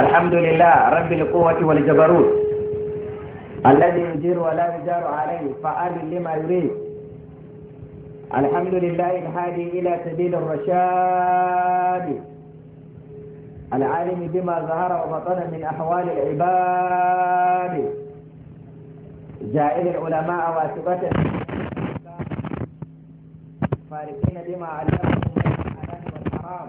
الحمد لله رب القوة والجبروت الذي يجير ولا يجار عليه فعال لما يريد الحمد لله الهادي إلى سبيل الرشاد العالم بما ظهر وبطن من أحوال العباد جائل العلماء واسبة فارقين بما علمهم من الحلال والحرام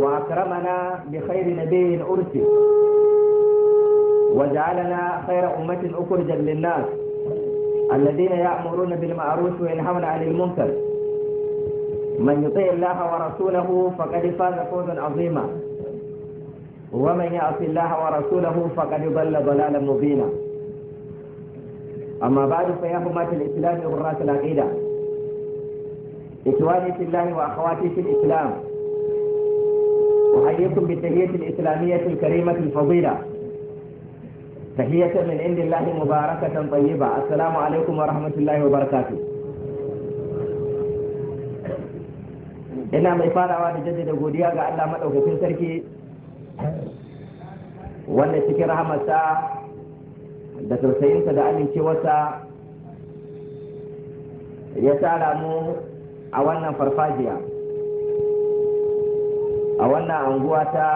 وأكرمنا بخير نبي أرسل وجعلنا خير أمة أخرجا للناس الذين يأمرون بالمعروف وينهون عن المنكر من يطيع الله ورسوله فقد فاز فوزا عظيما ومن يعص الله ورسوله فقد ضل ضلالا مبينا أما بعد فيا حماة الإسلام وغرات العقيدة إخواني في الله وأخواتي في الإسلام أحييكم بالتحية الإسلامية الكريمة الفضيلة تحية من عند الله مباركة طيبة السلام عليكم ورحمة الله وبركاته ina mai farawa da jaddada godiya ga Allah maɗaukakin sarki wanda cikin rahamarsa da tausayinsa da amincewarsa ya sa mu a wannan farfajiya a wannan anguwa ta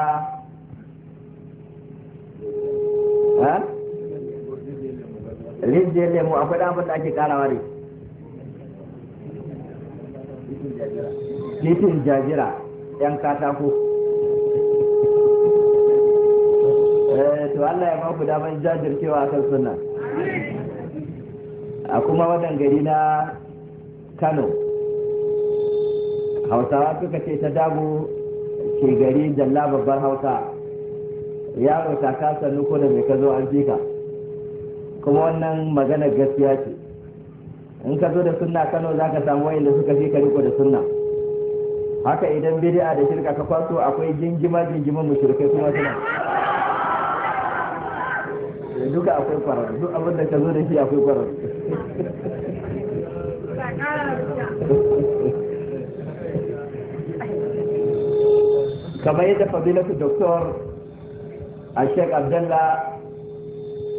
rijiyar lemu akwai damar da ake karawa ne titin jajira yan katako eh, to Allah ya mafi damar jajircewa a kan suna a kuma wadan gari na kano hausawa suka ce ta dago ke gari jalla babbar hausa yaro ta kasa nuko da mai ka zo an jika kuma wannan magana gaskiya ce in ka zo da sunna kano za ka samu wayanda suka fi ka riko da sunna haka idan bid'a da shirka ka kwaso akwai jingima jingiman mushrikai kuma suna duka akwai kwararru duk abin da ka zo da shi akwai kwararru kamar yadda fadilatu doktor a sheik abdalla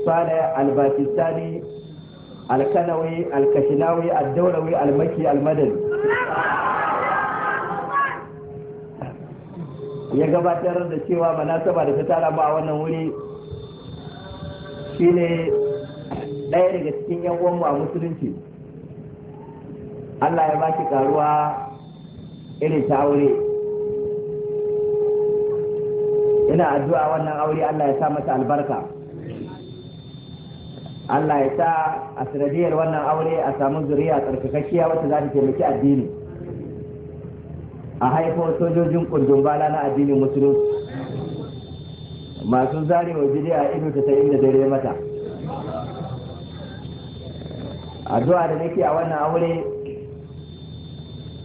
sale albatistani alkanawi alkashinawi aldaulawi almaki almadani ya gabatar da cewa manasaba da ta tara ba a wannan wuri shine ɗaya daga cikin yan uwanmu a musulunci Allah ya ba shi karuwa irin ta aure ina addu'a wannan aure Allah ya sa masa albarka Allah ya sa a sanadiyar wannan aure a samu zuriya tsarkakakkiya wacce za ta taimaki addini a haifo sojojin kundin bala na addinin musulunci masu zarewa a ido ta ta inda dare mata addu'a da nake a wannan aure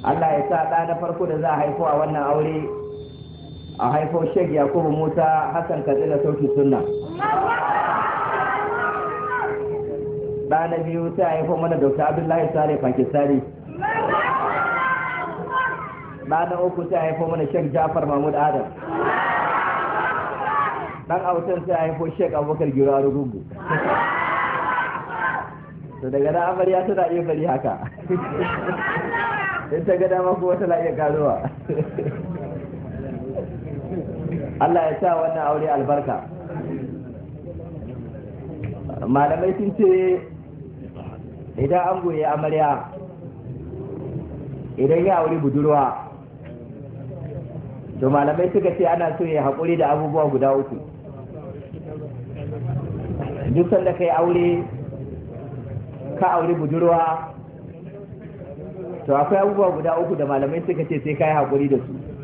Allah ya sa ɗa na farko da za a haifo a wannan aure a haifar shek yakubu musa hassan katsina sauki sunna ba na biyu ta haifar mana dr abdullahi sare pakistani ba na uku ta haifar mana shek jafar mahmud adam ɗan autan ta haifar shek abokar giro a to daga na amarya tana iya fari haka in ta gada dama kuma tana iya karuwa Allah ya sa wannan aure albarka malamai sun ce idan an goye amarya idan ya aure budurwa to malamai suka ce ana so ya haƙuri da abubuwa guda uku duk sanda kai aure ka aure budurwa to akwai abubuwa guda uku da malamai suka ce sai ka yi haƙuri da su